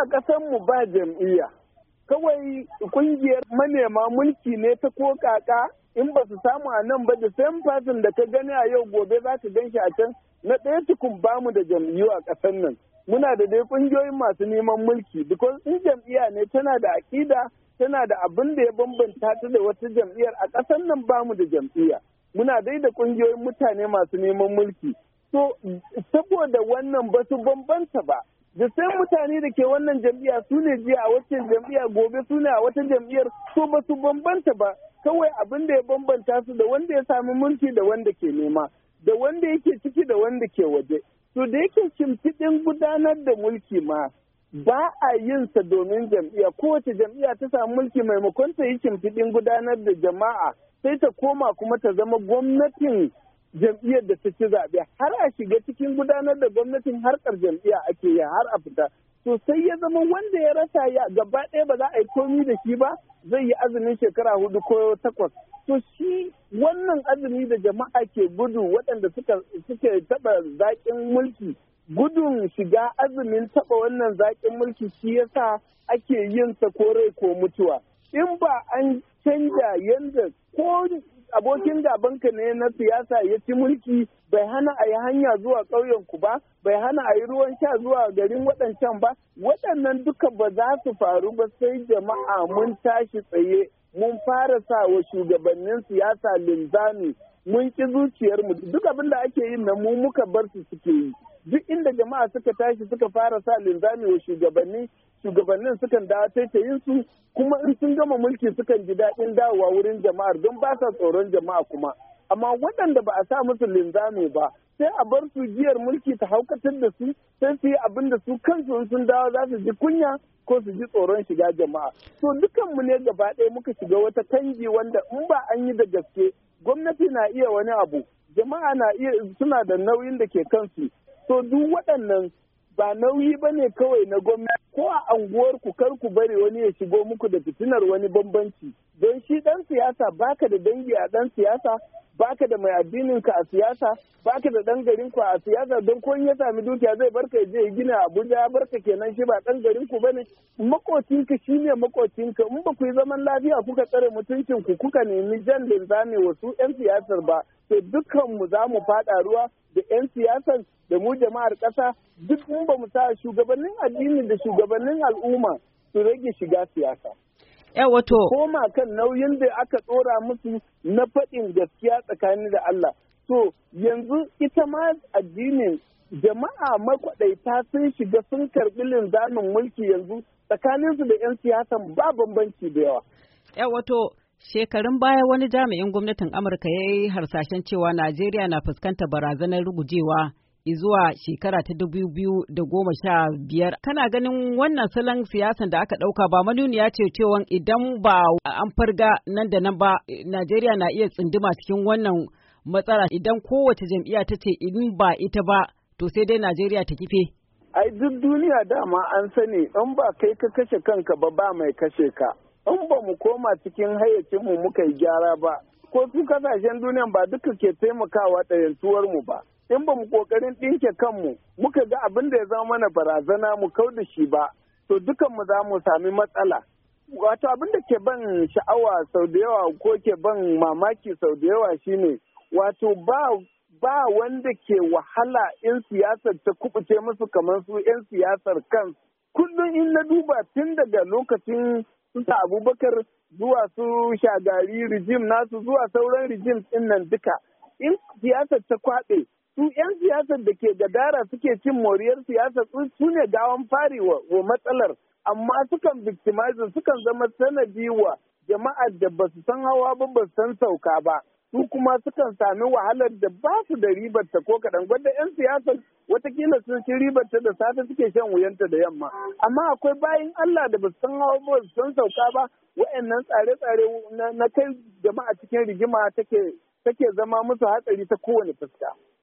a ƙasar mu ba jam'iyya. Kawai kungiyar manema mulki ne ta ko kaka in ba su samu a nan ba da same fasin da ka gani a yau gobe za ka gan shi a can na ɗaya cikin ba mu da jam'iyyu a ƙasar nan. Muna da dai ƙungiyoyin masu neman mulki because in jam'iyya ne tana da aƙida tana da abin da ya bambanta ta da wata jam'iyyar a ƙasar nan ba mu da jam'iyya. Muna dai da ƙungiyoyin mutane masu neman mulki. So saboda wannan ba su bambanta ba. da sai mutane da ke wannan jam'iyya su ne jiya a waccan jam'iyya gobe su ne a wata jam'iyyar to ba su bambanta ba kawai abin da ya bambanta su da wanda ya sami mulki da wanda ke nema da wanda yake ciki da wanda ke waje to da yake shimfiɗin gudanar da mulki ma ba a yin sa domin jam'iyya kowace jam'iyya ta samu mulki maimakon ta yi shimfiɗin gudanar da jama'a sai ta koma kuma ta zama gwamnatin jam'iyyar da ta ci zaɓe har a shiga cikin gudanar da gwamnatin harkar jam'iyya ake yi har a fita to ya zama wanda ya rasa ya gaba ɗaya ba za a yi komi da shi ba zai yi azumin shekara hudu ko takwas to shi wannan azumi da jama'a ke gudu waɗanda suke taɓa zaƙin mulki gudun shiga azumin taɓa wannan zaƙin mulki shi yasa ake yin sa ko rai ko mutuwa in ba an canja yanda ko abokin gabanka ne na siyasa ya ci mulki bai hana a yi hanya zuwa ƙauyen ku ba bai hana a yi ruwan sha zuwa garin waɗancan ba waɗannan duka ba za su faru ba sai jama'a mun tashi tsaye mun fara sa wa shugabannin siyasa linzami mun ki zuciyarmu duk abin da ake yin na mu muka bar su suke yi duk inda jama'a suka tashi suka fara sa linzami wa shugabanni shugabannin sukan dawo yin su kuma in sun gama mulki sukan ji daɗin dawowa wurin jama'ar don ba sa tsoron jama'a kuma amma waɗanda ba a sa musu linzami ba sai a bar su jiyar mulki ta haukatar da su sai su yi abin da su kansu sun dawo za su ji kunya ko su ji tsoron shiga jama'a to dukanmu ne gaba ɗaya muka shiga wata kangi wanda in ba an yi da gaske gwamnati na iya wani abu jama'a na iya suna da nauyin da ke kansu to duk waɗannan ba nauyi ba ne kawai na gwamnati ko a anguwarku kar ku bari wani ya shigo muku da fitinar wani bambanci don shi dan siyasa baka da dangi a dan siyasa baka da mai addininka a siyasa baka da dan garinku a siyasa don ko ya sami dukiya zai barka ya je gina Abuja ya barka kenan shi ba dan garinku bane makocinka shine makocinka in ba ku yi zaman lafiya kuka tsare mutuncin ku kuka nemi jan linzami wasu yan siyasar ba to dukkanmu za mu faɗa ruwa da 'yan siyasan da mu jama'ar ƙasa duk mun ba mu sa shugabannin addini da shugabannin al'umma su rage shiga siyasa. Eh, wato. Koma kan nauyin da aka tsora musu na faɗin gaskiya tsakani da Allah. To yanzu ita ma addinin jama'a makwaɗaita sun shiga sun karɓi linzamin mulki yanzu tsakaninsu da 'yan siyasan ba bambanci da yawa. Eh, wato Shekarun baya wani jami'in gwamnatin Amurka ya yi harsashen cewa Najeriya na fuskantar barazanar rugujewa zuwa shekara ta dubu biyu da goma sha biyar. Kana ganin wannan salon siyasan da aka ɗauka ba manuniya ce cewa idan ba an farga nan da nan ba Najeriya na iya tsinduma cikin wannan matsala idan kowace jam'iyya ta ce in ba ita ba to sai dai Najeriya ta kife. Ai duk duniya dama an sani in ba kai ka kashe kanka ba ba mai kashe ka. in ba mu koma cikin hayyacinmu muka yi gyara ba ko su kasashen duniya ba duka ke taimakawa ɗayantuwar mu ba in ba mu kokarin ɗinke kanmu muka ga abin da ya zama mana barazana mu kau da shi ba to dukan mu za mu sami matsala wato abin da ke ban sha'awa sau da yawa ko ke ban mamaki sau da yawa shine wato ba ba wanda ke wahala in siyasar ta kubuce musu kamar su 'yan siyasar kansu kullum in na duba tun daga lokacin su abubakar zuwa su shagari rijim nasu zuwa sauran rijim din nan duka in siyasar ta kwaɓe su 'yan siyasar da ke gadara suke cin moriyar siyasar su ne gawan fari wa matsalar amma sukan victimizing sukan zama sanadi wa jama'ar da ba su san hawa ba ba su san sauka ba su kuma sukan sami wahalar da ba su da ribarta ko kaɗan gwada 'yan siyasar watakila sun shi ribarta da safe suke shan wuyanta da yamma amma akwai bayan Allah da basu san hawa ba san sauka ba wa'annan tsare-tsare na kai jama'a cikin rigima take zama musu hatsari ta kowane fuska.